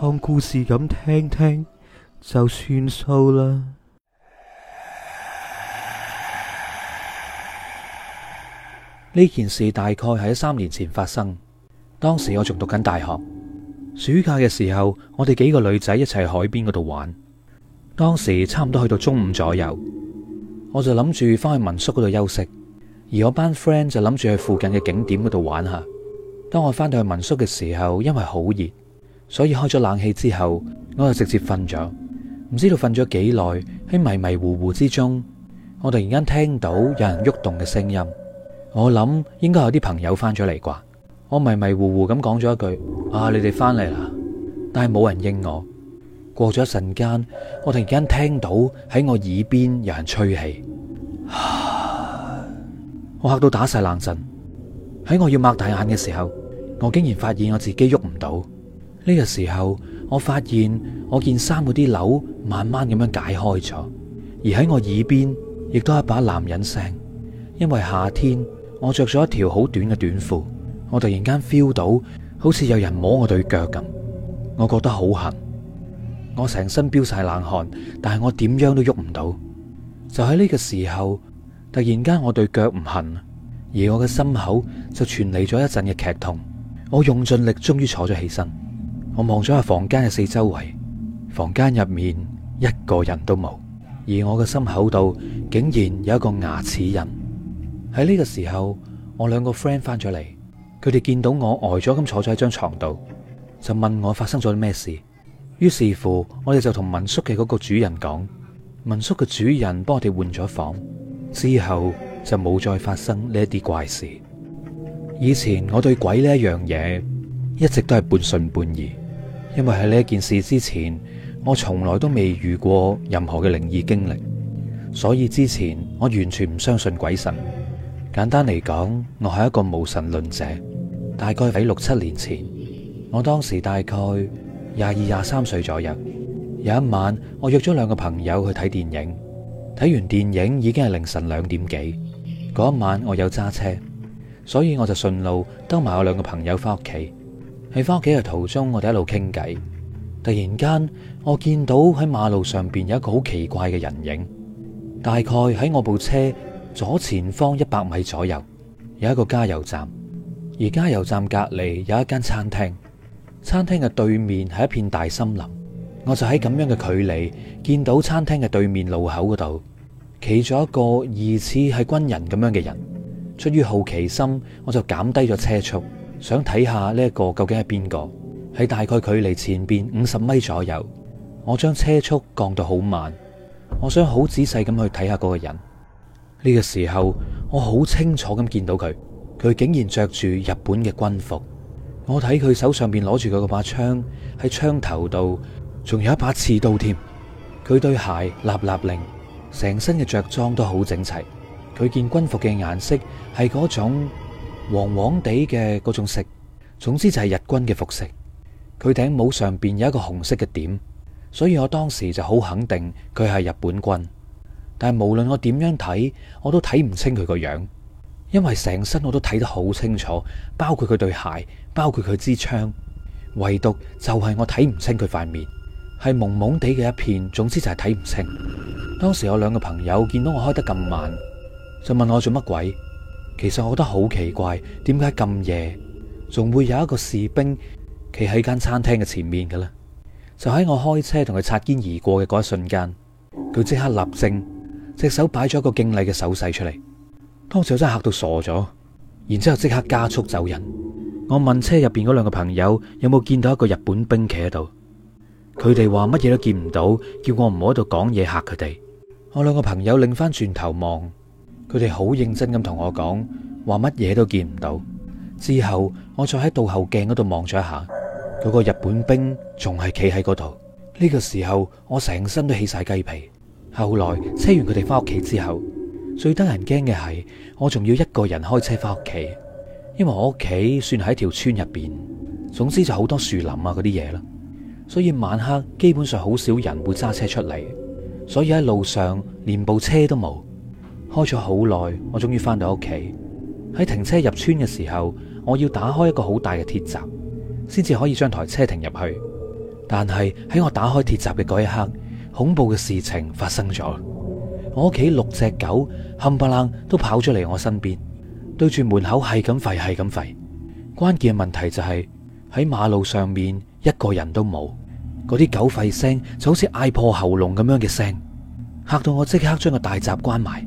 當故事咁聽聽就算數啦。呢 件事大概喺三年前發生，當時我仲讀緊大學，暑假嘅時候，我哋幾個女仔一齊喺海邊嗰度玩。當時差唔多去到中午左右，我就諗住翻去民宿嗰度休息，而我班 friend 就諗住去附近嘅景點嗰度玩下。當我翻到去民宿嘅時候，因為好熱。所以開咗冷氣之後，我就直接瞓咗，唔知道瞓咗幾耐。喺迷迷糊糊之中，我突然間聽到有人喐動嘅聲音。我諗應該有啲朋友翻咗嚟啩。我迷迷糊糊咁講咗一句：啊，你哋翻嚟啦！但係冇人應我。過咗一陣間，我突然間聽到喺我耳邊有人吹氣，我吓到打晒冷震。喺我要擘大眼嘅時候，我竟然發現我自己喐唔到。呢個時候，我發現我件衫嗰啲鈕慢慢咁樣解開咗，而喺我耳邊亦都一把男人聲。因為夏天，我着咗一條好短嘅短褲，我突然間 feel 到好似有人摸我對腳咁，我覺得好痕，我成身飆晒冷汗，但係我點樣都喐唔到。就喺呢個時候，突然間我對腳唔痕，而我嘅心口就傳嚟咗一陣嘅劇痛。我用盡力，終於坐咗起身。我望咗下房間嘅四周圍，房間入面一個人都冇，而我嘅心口度竟然有一個牙齒印。喺呢個時候，我兩個 friend 翻咗嚟，佢哋見到我呆咗咁坐咗喺張床度，就問我發生咗咩事。於是乎，我哋就同民宿嘅嗰個主人講，民宿嘅主人幫我哋換咗房，之後就冇再發生呢一啲怪事。以前我對鬼呢一樣嘢一直都係半信半疑。因為喺呢件事之前，我從來都未遇過任何嘅靈異經歷，所以之前我完全唔相信鬼神。簡單嚟講，我係一個無神論者。大概喺六七年前，我當時大概廿二廿三歲左右。有一晚，我約咗兩個朋友去睇電影。睇完電影已經係凌晨兩點幾。嗰一晚我有揸車，所以我就順路兜埋我兩個朋友返屋企。喺翻屋企嘅途中，我哋一路傾偈。突然間，我見到喺馬路上邊有一個好奇怪嘅人影，大概喺我部車左前方一百米左右有一個加油站，而加油站隔離有一間餐廳，餐廳嘅對面係一片大森林。我就喺咁樣嘅距離見到餐廳嘅對面路口嗰度企咗一個疑似係軍人咁樣嘅人。出於好奇心，我就減低咗車速。想睇下呢一個究竟係邊個？喺大概距離前邊五十米左右，我將車速降到好慢。我想好仔細咁去睇下嗰個人。呢個時候，我好清楚咁見到佢，佢竟然着住日本嘅軍服。我睇佢手上邊攞住佢嗰把槍，喺槍頭度仲有一把刺刀添。佢對鞋立立令，成身嘅着裝都好整齊。佢件軍服嘅顏色係嗰種。黃黃地嘅嗰種色，總之就係日軍嘅服飾。佢頂帽上邊有一個紅色嘅點，所以我當時就好肯定佢係日本軍。但係無論我點樣睇，我都睇唔清佢個樣，因為成身我都睇得好清楚，包括佢對鞋，包括佢支槍，唯獨就係我睇唔清佢塊面，係蒙蒙地嘅一片，總之就係睇唔清。當時我兩個朋友見到我開得咁慢，就問我做乜鬼。其實我覺得好奇怪，點解咁夜仲會有一個士兵企喺間餐廳嘅前面嘅咧？就喺我開車同佢擦肩而過嘅嗰一瞬間，佢即刻立正，隻手擺咗一個敬禮嘅手勢出嚟。當時我真嚇到傻咗，然之後即刻加速走人。我問車入邊嗰兩個朋友有冇見到一個日本兵企喺度？佢哋話乜嘢都見唔到，叫我唔好喺度講嘢嚇佢哋。我兩個朋友擰翻轉頭望。佢哋好認真咁同我講話乜嘢都見唔到。之後我再喺倒後鏡嗰度望咗一下，嗰個日本兵仲係企喺嗰度。呢個時候我成身都起晒雞皮。後來車完佢哋翻屋企之後，最得人驚嘅係我仲要一個人開車翻屋企，因為我屋企算係條村入邊，總之就好多樹林啊嗰啲嘢啦。所以晚黑基本上好少人會揸車出嚟，所以喺路上連部車都冇。開咗好耐，我終於翻到屋企。喺停車入村嘅時候，我要打開一個好大嘅鐵閘，先至可以將台車停入去。但係喺我打開鐵閘嘅嗰一刻，恐怖嘅事情發生咗。我屋企六隻狗冚唪唥都跑咗嚟我身邊，對住門口係咁吠，係咁吠。關鍵問題就係喺馬路上面一個人都冇，嗰啲狗吠聲就好似嗌破喉嚨咁樣嘅聲，嚇到我即刻將個大閘關埋。